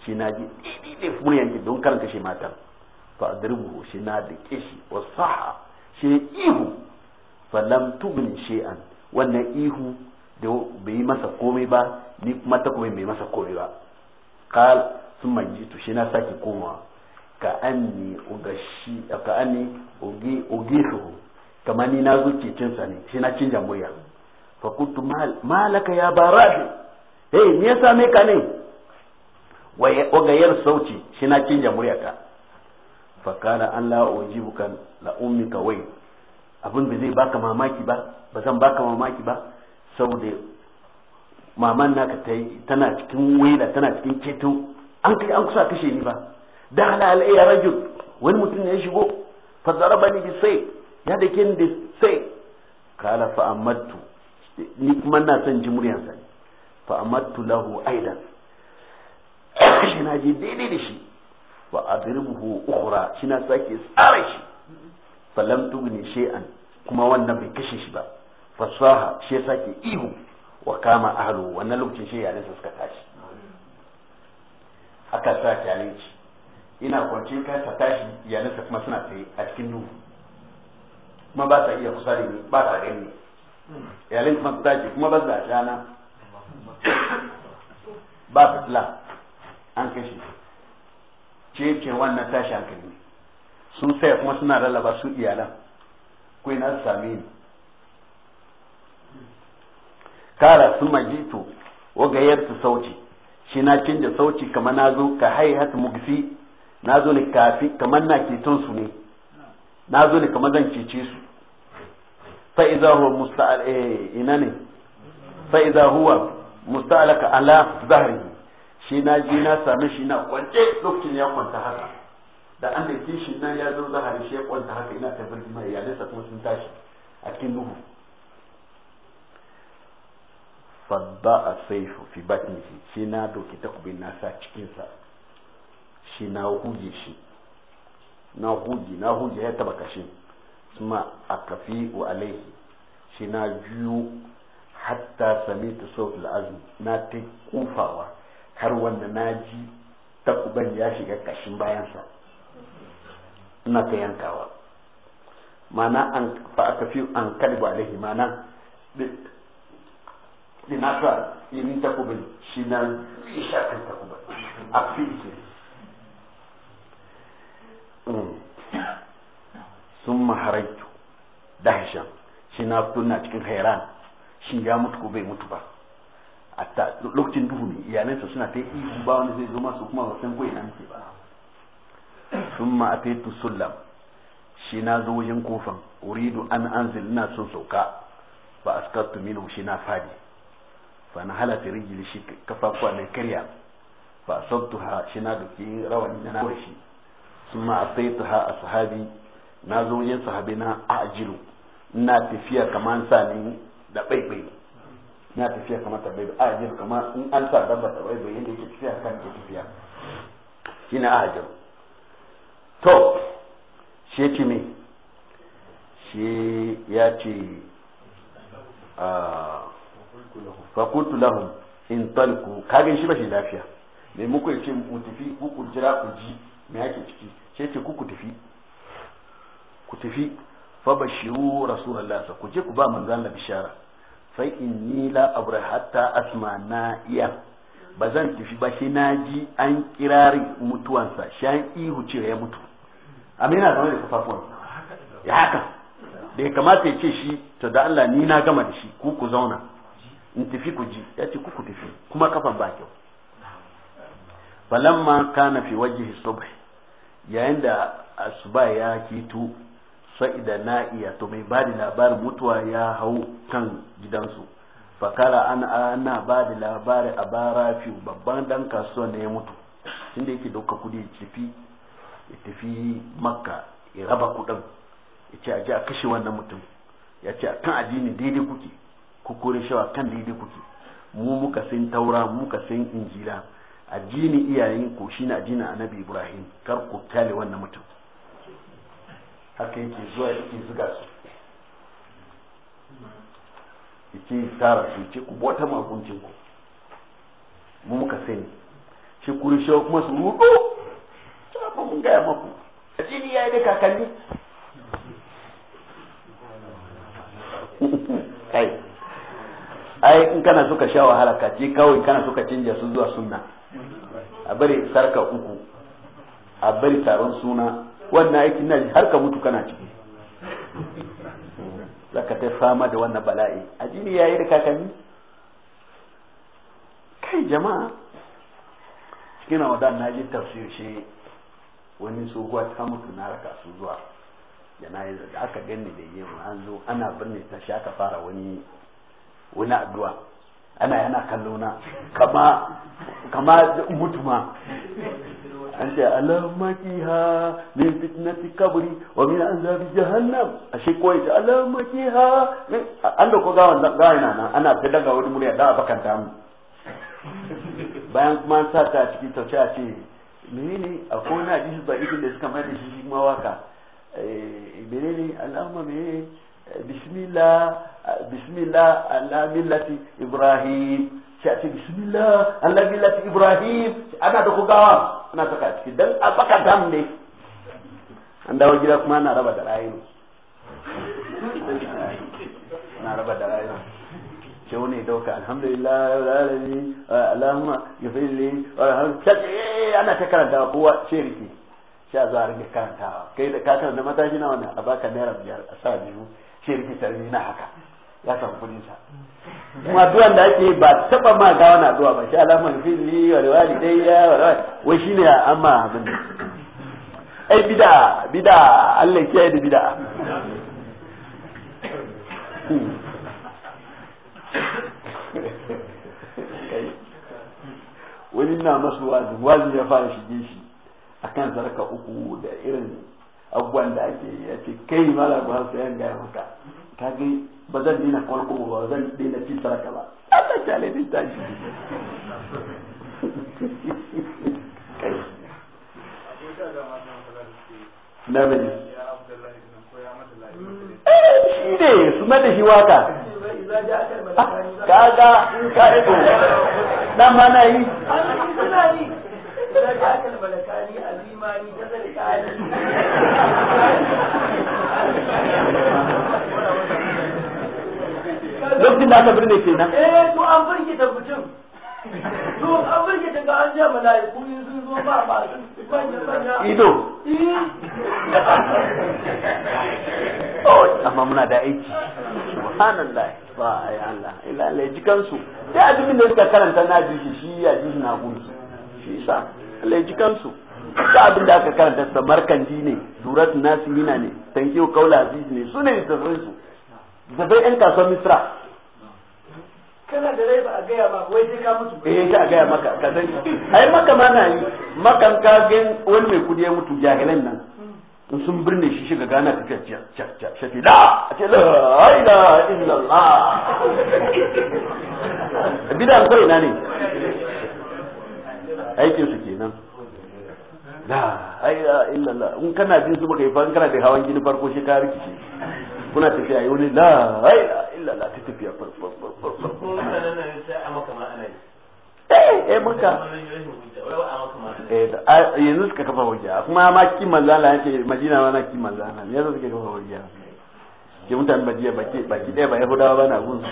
shi na ji dide muryan don karanta shi matan fa adribu shi na dake shi wasaha she ihu falam tubin shay'an wannan ihu da bai yi masa komai ba ni kuma takobin bai masa komai ba sun manji jitu shi na saki komawa ka anni ugashi ka anni ugi ugihu kama ni na zo cikin sa ne shi na canja murya fa kuntu malaka ya barabi he eh, me yasa me ka ne wa ogayar sauci shi na canja murya ka fa kana an la ujibuka la ummi kawai abin da zai baka mamaki ba ba zan baka mamaki ba saboda maman naka ta tana cikin waila tana cikin ceto an kai an kusa kashe ni ba da hala ya rajul wani mutum ne ya shigo fasara zaraba ni sai ya da kin da sai kala fa amattu ni kuma na son ji sa fa amattu lahu aidan shi na ji daidai da shi wa adribuhu ukhra shi na sake tsara shi falam tugni shay'an kuma wannan bai kashe shi ba fasaha shi yasa ke ihu wa kama ahlu wannan lokacin shi yaran suka tashi aka sa challenge ina kwance ka ta tashi yaran kuma suna tsaye a cikin duhu kuma ba ta iya kusa da ni ba ta gani yaran kuma ta tashi kuma ba za shana ba fitila an kashe ce ce wannan tashi hankali ne sun saya kuma suna lalaba su iyalan ku ina su same ni kara sun majito wa gayyarta sauci shi na canja sauci kamar na zo ka haihat mugsi na zo ne kafi kamar na keton su ne na zo ne kamar zan cece su fa iza huwa musta'al eh ina ne fa iza huwa musta'alaka ala zahri shi na je na sami shi na kwance lokacin ya kwanta haka da an da shi nan ya zo zahari shi ya kwanta haka ina ta mai iyalai sa kuma sun tashi a cikin duhu fadda a saifu fi batnihi shi na doki takubin nasa cikinsa shi na huje shi na huje na huje ya taba kashin kuma a kafi wa alaihi shi na juyo hatta sami ta sautul azumi na ta kufawa har wanda na ji takuban ya shiga kashin bayansa ina ta yankawa mana an fa aka fi an kalbu alaihi mana dinasa irin takubin shi nan shi shafin takubin a fi mm. sun maharaitu dahishan shi na fito na cikin hairan shi ya mutu ko bai mutu ba a lokacin duhu ne iyalansa suna ta yi ba wani zai zo masu kuma wasan kawai na mutu ba sun ma'ataitu sullam shi na zo wajen kofan uridu an anzil ina son sauka ba askartu minu shi na fadi ba na halata rijili shi kafafuwa na karya a asabtu ha shi na duki rawan da na shi sun ma'ataitu ha a sahabi na zo wajen sahabi na ajilu ina tafiya kamar sa ni da baibai na tafiya kamar ta baibai ajilu kamar in an sa dabba ta baibai yadda yake tafiya kan ke tafiya shi na ajilu to shi ya ce me shi ya ce ah, fakultu lahun in talku kagin shi ba shi lafiya me muku ya ce mu tafi ku jira ku ji me yake ciki shi ya ce ku ku tafi ku tafi fa bashiru rasulullahi ku je ku ba manzo Allah bishara fa inni la abura hatta asma na iya ba zan tafi ba shi na ji an kirari mutuwansa shi an ihu cewa ya mutu amma yana zama da kafafuwan ya haka da ya kamata ya ce shi ta da Allah ni na gama da shi ku ku zauna in tafi ku ji ya ce ku ku tafi kuma kafan ba kyau falamma kana fi wajhi subh yayin da asuba ya kito sa'ida iya to mai bada labarin mutuwa ya hau kan gidansu fakara ana ana ba da labari a bara babban dan kasuwa ne ya mutu inda yake dauka kudi tafi ya tafi makka ya raba kudin ya ce a ji a kashe wannan mutum ya ce a kan addini daidai kuke ku kore shawa kan daidai kuke mu muka san taura muka san injila addini iyayen shi shine addini annabi ibrahim kar ku tale wannan mutum haka yake zuwa yake zuga su yake tara su ce ku bota makuncin ku mu muka sani shi kuri shawa kuma su rudo Sama mun gaya maku. Addini ya yi da kakanni. Ai, ai in kana suka sha wahala ka ce kawai kana suka canja su zuwa sunna. A bari sarka uku, a bari taron suna, wannan aikin na har ka mutu kana ciki. Zaka ta fama da wannan bala'i. Ajini ya yi da kakanni. Kai jama'a, cikin wadan na ji tafsir shi wani tsoguwa ta mutu na raka su zuwa yi da aka gani da yin an zo ana birni ta shi aka fara wani wani addu'a ana yana kallo na kama kama mutuma an ce allahumma qiha min fitnati kabri wa min azabi jahannam ashe koyi ta allahumma qiha min an da ko ga wannan ga ina nan ana ta daga wani murya da bakanta mu bayan kuma an sa ta cikin tauce a ce menene akwai wani hadisi ba ikin da suka mai shi mawaka eh, menene al'amma menene bismillah bismillah ala millati ibrahim sai a ce bismillah ala millati ibrahim ana da kugawa ana saka ciki dan a baka dam ne an dawo gida kuma ana raba da rayu na raba da rayu sai wani ya dauka alhamdulillah eh, ana ta kowa ce sha za a rike karantawa kai da kakar da na wannan a baka naira biyar a sa biyu ce rike tarbi na haka ya samu kudin sa kuma da ake ba taba ma ga wani addu'a ba ai bid'a bid'a Allah ya kiyaye da bid'a hmm. wani na masu wazi wazi ya fara shige shi akan sarka uku da irin abubuwan da ake ya ce kai mala ba sai an gaya maka ka ga ba zan dina farko ba zan dina ci sarka ba Allah ta lai ta shi na bane shi ne su mada shi waka kaga in ah, ka ido dan ma na yi suna yi da lokacin da aka birne ke nan eh to an birge mutum to an birge an ja mala'iku sun zo ba ba sun ido eh. amma muna da aiki subhanallah ba ai Allah illa Allah ya ji kansu sai a jikin da suka karanta na ji shi ya ji na gunsu shi yasa Allah ya ji kansu da abin da aka karanta sa markandi ne surat nasimina ne tankiyo kaula aziz ne su ne da su da bai yan kasuwar misra kana da rai a gaya ma wai sai ka mutu eh sai a gaya maka ka san ai maka ma na yi makan ka gan wani mai kudi ya mutu jahilan nan in sun birne shi shiga gana ka shafi la a ce la ila illallah an kai na ne aikin su kenan la ila illallah in kana jin su baka yi fa kana da hawan gini farko shi ka rikice kuna tafiya yi wani la ila illallah ta tafiya farko farko farko eh eh Eh, yanzu suka kafa hujja kuma ma ki manzala yake madina ma na ki manzala ne yanzu suke kafa hujja ke mutane majiya baki baki ɗaya ba yahudawa ba na gunsu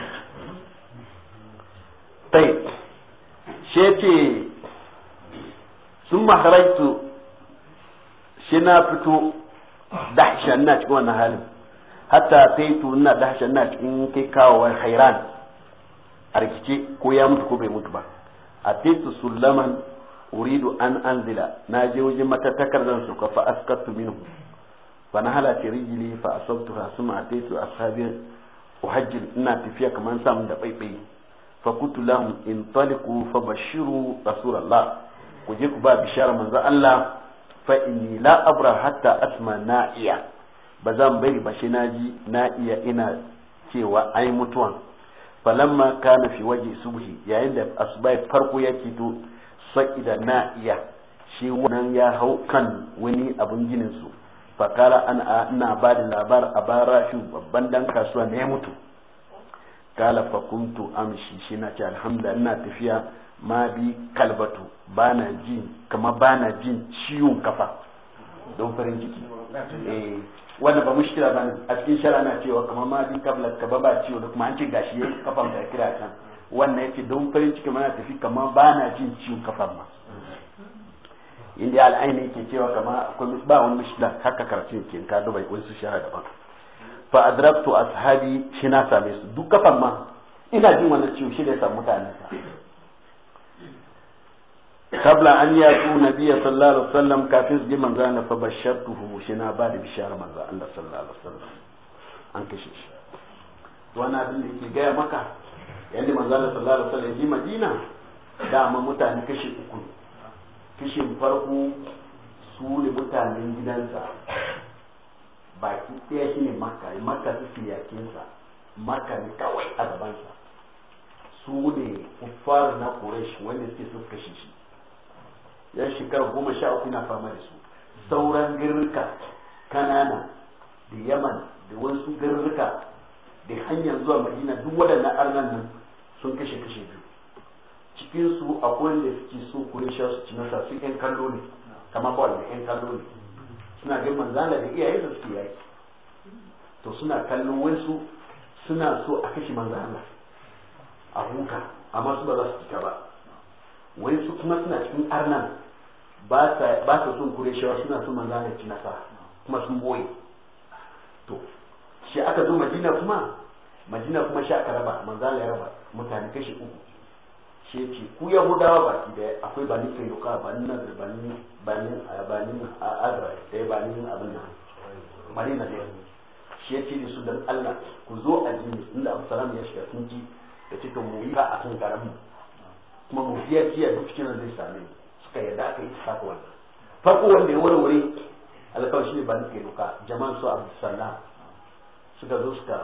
tai she ce sun maharaitu shi na fito dahshan na cikin wannan halin hatta tu na dahshan na cikin kai kawowar hairan a rikice ko ya mutu ko bai mutu ba a taitu sulaman uridu an anzila na je wajen matattakar zan suka fa askatu minhu fa na halace rijili fa asabtu ha suma ataitu ashabi uhajjil ina tafiya kamar samun da baibai fa kutu lahum in taliqu fa bashiru rasulullah ku je ku ba bishara manzo Allah fa inni la abra hatta asma na'iya ba zan bari ba shi naji na'iya ina cewa ai mutuwan falamma kana fi waje subhi yayin da asbai farko ya fito sa'ida na iya shi wannan ya hau kan wani abin ginin fakara ana ina ba da labar a bara shi babban dan kasuwa ne ya mutu kala fakuntu amshi shi na ce alhamdulillah ina tafiya ma bi kalbatu bana jin kama bana jin ciwon kafa don farin ciki eh ba mushkila bane a cikin shara na cewa kama ma bi kabla ka ba ciwo da kuma an ce gashi kafa. da kira kan wannan yace don farin ciki mana tafi kamar ba na jin ciwon kafan ma inda al'aini yake cewa kama akwai ba wani mishdan haka karatun ke ka duba wasu da daban fa adraktu ashabi shi na same su duk kafan ma ina jin wannan ciwo shi da ya samu mutane kabla an yatu nabiyya sallallahu alaihi wasallam kafin su ji manzo na fa bashartuhu shi na ba da bishara manzo Allah sallallahu alaihi wasallam an kashe shi wannan abin da yake gaya maka yadda da sallallahu alaihi wasallam ji madina dama mutane kashi uku kishin farko su ne mutanen gidansa baki ɗaya maka, makka makka su siyakinsa makka ne kawai a gabansa su ne kuffar na quraish wanda suke su kashe shi yan shekara goma sha uku na fama da su sauran girka kanana da yaman da wasu girka da hanyar zuwa madina duk waɗannan arnan nan sun kashe kashe biyu cikin su akwai wanda suke so kurisha su ci nasa su yan kallo ne kamar bawal da yan kallo ne suna ga manzala da iyaye da suke yaki to suna kallon wasu suna so a kashe manzala a huka amma su ba za su fita ba su kuma suna cikin arnan ba sa son kurisha suna so manzala cinasa, kuma sun boye to shi aka zo madina kuma madina kuma shi aka raba manzala ya raba mutane kashi uku shi ce ku yahudawa baki daya akwai bani kailuka bani nazar bani bani bani azra da eh, bani abin nan madina da shi ya ce da su dan Allah ku zo a jini inda Absalom ya shiga sun ji da cikin mu yi ba a kan garin kuma mu fiya fiya duk cikin zai same suka yarda aka yi saka wannan farko wanda ya warware alkawar shi ne bani kailuka jama'a su Absalom suka zo suka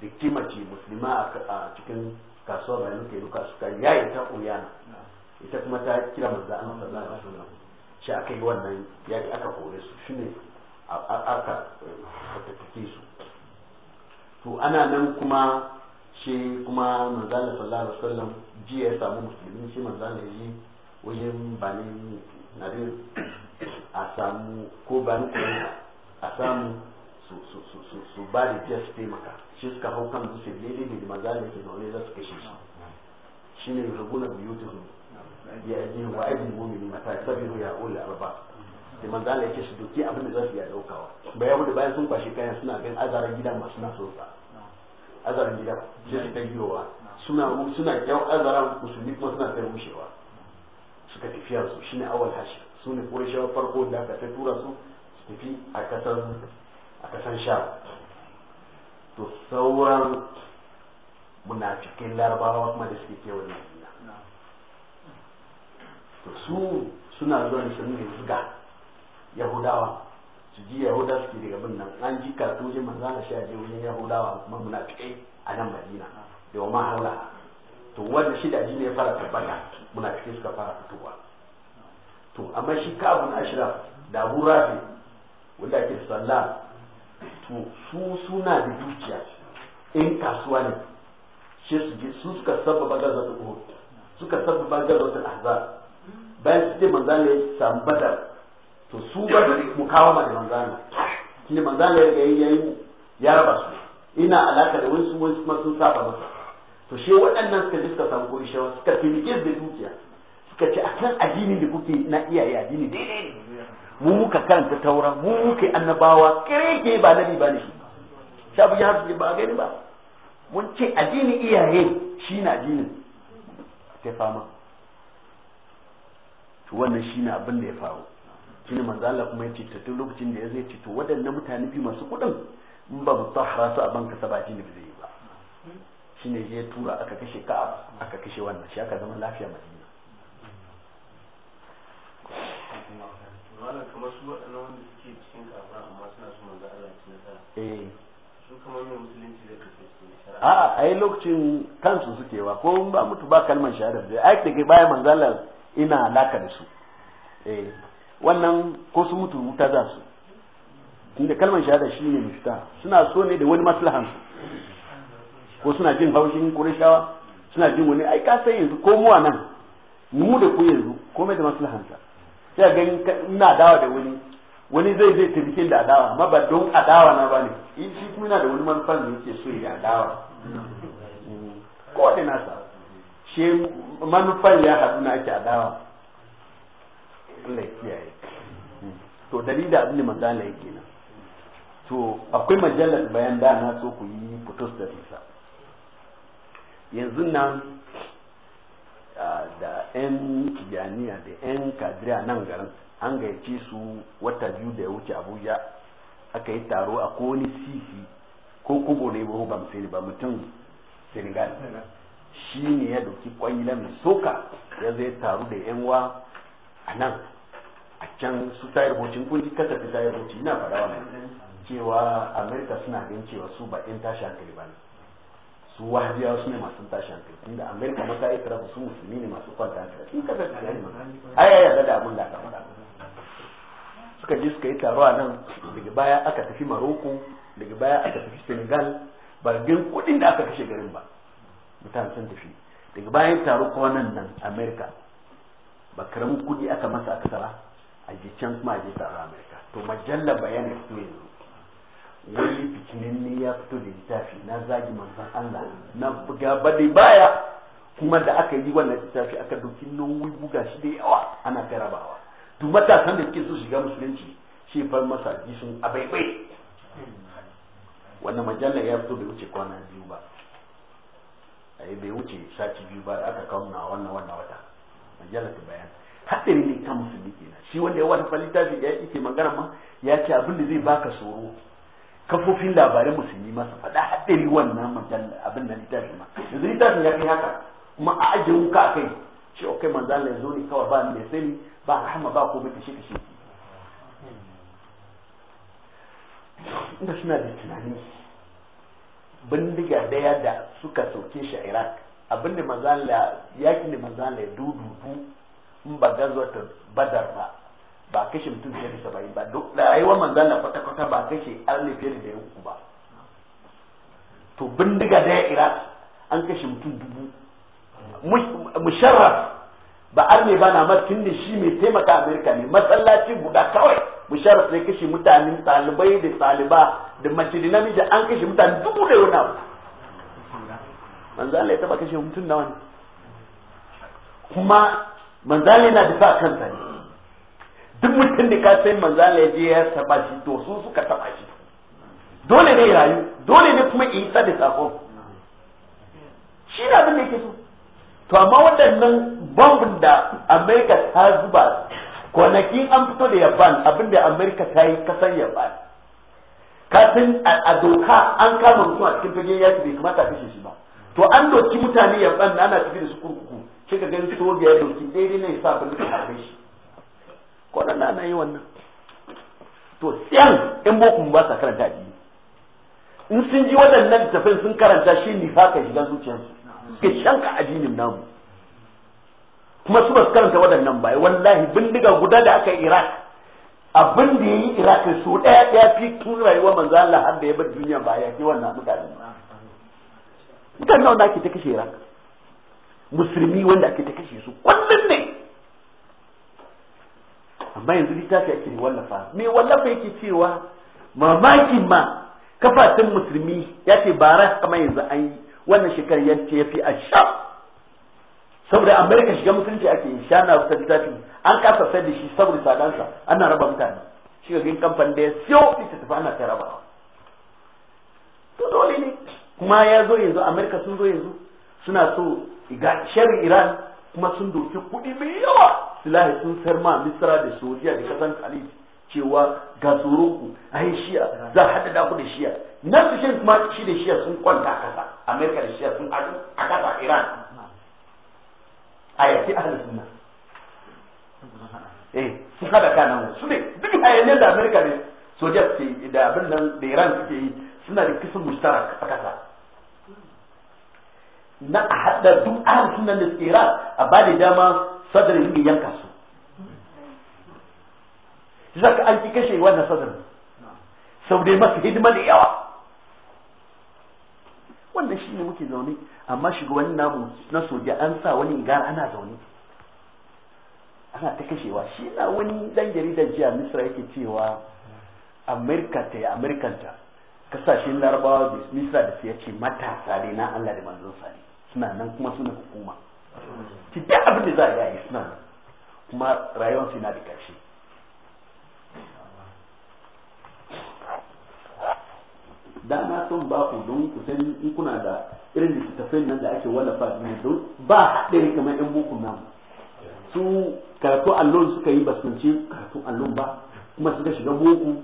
dikki musulma a cikin kasuwa bayan kai duka suka yaye ta uyana ita kuma ta kira manzo an sallallahu su wasallam shi aka yi wannan yaki aka kore su a aka fatattake eh, su to ana nan kuma shi kuma manzo Allah sallallahu alaihi wasallam ji ya samu musulmi shi manzo Allah yi wajen bani nadir a samu ko bani a samu su ba da biya su taimaka shi suka hau kan dutse daidai da maza da ke zaune za su kashe shi shi ne ta biyutun ya yi wa ajin mumini mata sabiru ya ula arba da maza da ke su doki abin da za su iya daukawa bayan wanda bayan sun kwashe kayan suna gan azarar gida masu na sosa azarar gida sai suka yiwa suna suna yau azarar musulmi kuma suna kai rushewa suka tafiya su ne awal hashi su ne kurishawa farko da aka ta tura su su tafi a kasar a kasan to sauran munafikin larabawa kuma da suke kewaye madina to su suna zuwa da sun yi zuga yahudawa su ji yahuda suke daga bin nan an ji karatu je manzo na sha je wajen yahudawa kuma munafikai a nan madina da wa mahala to wanda shi da ne ya fara tabbata munafikai suka fara fitowa to amma shi kabun ashraf da abu rafi wanda ake sallah to su suna da dukiya in kasuwa ne shi su ji su suka saba bagar zata uhud suka sababa bagar zata ahzab bayan su ce manzan ya samu badar to su ba da mukawama da manzan ne manzan ya ga yayin ya raba su ina alaka da wasu wasu kuma sun saba masa to shi waɗannan suka ji suka samu kurishawa suka fi da dukiya suka ce akan addini da kuke na iyaye addini daidai ne mu muka karanta taura mu muka annabawa kirege ba nabi ba ne shi abu ya hasu ba gani ba mun ce addini iyaye shi na addini ta fama to wannan shi na abin da ya faru shi ne manzo Allah kuma ya ce ta lokacin da ya zai cito to mutane biyu masu kuɗin in ba mu tahara su a banka sa ba addini ba zai yi ba shine ya tura aka kashe ka'a aka kashe wannan shi aka zama lafiya mai waɗannan wanda suke cikin kafa amma suna manzo Allah nasara eh su kamar musulunci su a'a ai lokacin kansu suke ba, ko ba mutu ba kalmar shahada da ai take bayan manzo Allah ina alaka da su eh wannan ko su mutu wuta za su tunda kalmar shahada shi ne mafita suna so ne da wani maslahan su ko suna jin haushin kurishawa suna jin wani ai ka san yanzu ko mu nan mu da ku yanzu komai da maslahan sa sai ga ina dawa da wani wani zai zai tirke da adawa amma ba don adawa na bani in shi kuma yana da wani manufar da yake so ya adawa kowane nasa shi manufar ya haɗu na ake adawa Allah kiyaye to dalilin abin da manzala yake nan to akwai majalar bayan da na so ku yi fitos da isa yanzu nan da 'yan kijaniya da 'yan kadiriya nan garin an gayyace su wata biyu da ya wuce abuja aka yi taro a koni sisi ko kubo ne ba ba musani ba mutum senegal shi ne ya doki kwangila mai soka ya zai taru da 'yan wa a nan a can su tayar bocin kun ji kasa ta tayar bocin ina fara wa cewa amerika suna gan cewa su ba 'yan tashi hankali ba ne su wahabiyawa su ne masu tashi hankali tunda amerika ma ta ikira su musulmi ne masu kwanta hankali sun kasa ka gani ma ai yaya yarda da abin da aka faɗa suka je suka yi taro a nan daga baya aka tafi maroko daga baya aka tafi senegal ba gan kuɗin da aka kashe garin ba mutane sun tafi daga bayan taro kuma nan nan amerika ba karamin kuɗi aka masa aka sara a je can kuma a je taro amerika to majalla bayanin su yanzu wani fitinin ne ya fito da littafi na zagi manzon Allah na buga bade baya kuma da aka yi wannan littafi aka dauki nauyi buga shi da yawa ana karabawa duk matasan da suke so shiga musulunci shi far masa sun abaibai wannan majalla ya fito bai wuce kwana biyu ba ai bai wuce sati biyu ba aka na wannan wannan wata majalla ta bayan haɗari ne kan musulmi kenan shi wanda ya wata littafi ya ke magana ma ya ce abin da zai baka tsoro kafofin labarin musulmi ma su faɗa haɗari wannan majalla abin da littafin ma yanzu littafin ya kai haka kuma a aje wuka a kai ce kai manzan ya zo ne kawai ba mai sani ba rahama ba ko kashe kashe inda suna da tunani bindiga daya da suka sauke shi a iraq abin da manzan yakin da manzan ya dudu in ba gazuwa ta badar ba ba kashe mutum fiye da saba'in ba duk da rayuwar manzan na kwata-kwata ba kashe arne fiye da yan ku ba to bindiga daya iraq an kashe mutum dubu musharraf ba arne ba na matin da shi mai taimaka amerika ne masallaci guda kawai musharraf ne kashe mutanen talibai da taliba da mace da namiji an kashe mutane dubu da wani abu manzala ya taba kashe mutum da wani kuma manzala yana da sa kansa ne duk mutum da ka sai manzala ya je ya saba shi to su suka taba shi dole ne rayu dole ne kuma in da sako shi na abin da yake so to amma waɗannan bambun da amerika ta zuba kwanakin an fito da yaban abin da amerika ta yi kasar yaban kafin a doka an kama mutum a cikin fagen yaki bai kamata a kashe shi ba to an doki mutane yaban na ana tafi da su kurkuku kika ka gani soja ya doki daidai ne ya sa abin da ta shi waɗanda na yi wannan to siyan in boko ba sa karanta addini in sun ji waɗannan tafin sun karanta shi ne haka shiga zuciyarsu suke shanka addinin namu kuma su basu karanta waɗannan ba wallahi bindiga guda da aka iraq abin da ya yi iraq su ɗaya ɗaya fi tun rayuwar manzo Allah har da ya bar duniya ba ya ke wannan mutane mutane wanda ake ta kashe iraq musulmi wanda ake ta kashe su kullum ne amma yanzu littafi ake wallafa me wallafa yake cewa mamakin ma kafatin musulmi ya ce bara kamar yanzu an yi wannan shekarar ya ce ya fi a sha saboda amerika shiga musulunci ake yi sha na rusa littafi an kasa sai da shi saboda sadansa ana raba mutane shi ga gin kamfan da ya siyo ita tafi ana ta rabawa to dole ne kuma ya zo yanzu amerika sun zo yanzu suna so ga shirin iran kuma sun doki kuɗi mai yawa silahi sun sar ma misra da sojiya da kasan khalid cewa ga tsoron ku ai shiya za a haɗa ku da shiya na su shi kuma shi da shiya sun kwanta a kasa amerika da shiya sun adu a kasa iran a yaki ahalin sunna eh sun haɗa kanan su ne duk hayaniyar da amerika ne sojiya ke da abin nan da iran suke yi suna da kisan mustarak a kasa na a haɗa duk ahalin sunna da iran a ba da dama sadarin in yanka su ka an fi kashe wannan sadarin sau da masu hidima da yawa wannan shi ne muke zaune amma wani namu na soja an sa wani gara ana zaune ana ta kashewa shi na wani dan jaridar jiya misra yake cewa amerika ta yi Amurkanta, kasashen larabawa da misra da su ya ce matasa ne na allah da manzon tsari, suna nan kuma suna hukuma ki duk abin da za a yi suna kuma rayuwar su na da ƙarshe da na son ba ku don ku san in kuna da irin da littattafai nan da ake wallafa ne don ba haɗari kamar yan bukun namu su karatu allon suka yi basunci karatu allon ba kuma suka shiga boku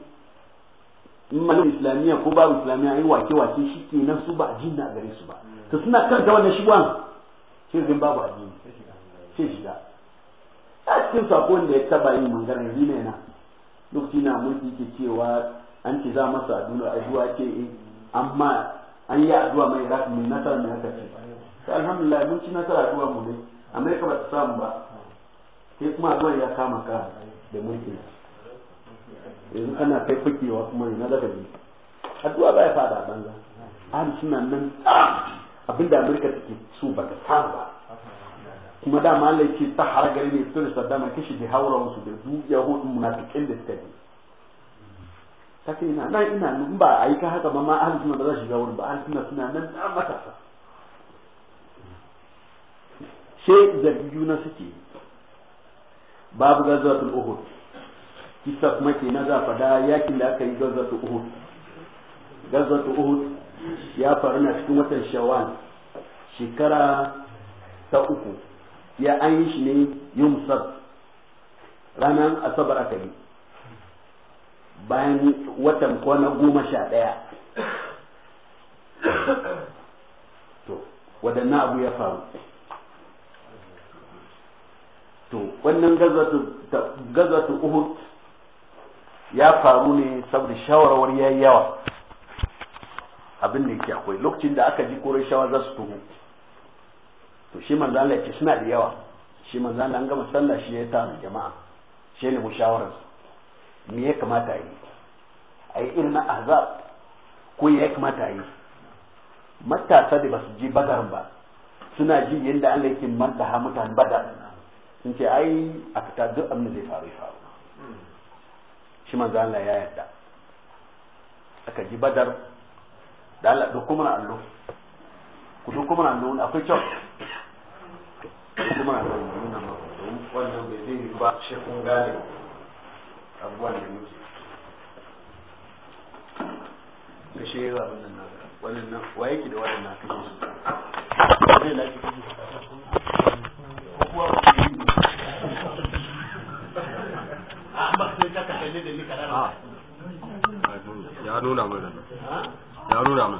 in malum islamiyya ko babu islamiyya yi wake wake shi ke nan su ba jin na gare su ba to suna karanta wannan shigon sai zan babu addini sai shiga a cikin sako da ya taba yin magana yi ne na lokaci na mulki ke cewa an ci za masa addu'a addu'a ce eh, amma an yi addu'a mai rafi mai nasara mai haka ce ta alhamdulillah mun ci nasara addu'a mu ne amerika ba ta samu ba sai kuma addu'a ya kama ka da mulkin yanzu kana kai fakewa kuma yana zaka ji addu'a ba ya fada banza an suna nan ah! abinda amurka take so ba ta samu ba kuma da Allah yake ta har gari ne fito da saddama kishi da haura su da ya hudu munafikin da suka je ta ce ina nan ina nan ba a yi ka haka ba ma ahli sunna ba za shiga wurin ba ahli sunna suna nan na matasa sai da juna suke babu gazatul uhud kisa kuma ke na za fada yakin da aka yi gazatul uhud gazatul uhud ya faru na cikin watan shawwal shekara ta uku ya an yi shi ne yin sab ranar asabar aka yi bayan watan kwana goma sha ɗaya to waɗannan abu ya faru to wannan gazatu uhud ya faru ne saboda shawarwar yayi yawa abin da yake akwai lokacin da aka ji shawa za su tuhu to shi manzo Allah yake suna da yawa shi manzo Allah an gama sallah shi ya tara jama'a shi ne mushawarar me ya kamata yi a yi irin azab ko ya kamata yi matasa da basu ji badar ba suna ji yadda Allah yake martaha mutane badar sun ce ai a fita duk abin da zai faru ya faru hmm. shi manzo Allah ya yarda aka ji badar da Allah dukkan mana allo ku dukkan mana allo akwai kyau dukkan mana allo wannan bai zai yi ba shi kun gane abubuwan da muke da shi yawa wannan na wannan na wa yake da wannan na kuma su zai lafi kuma ba sai ka da ni ah. ya nuna mana ya nuna mana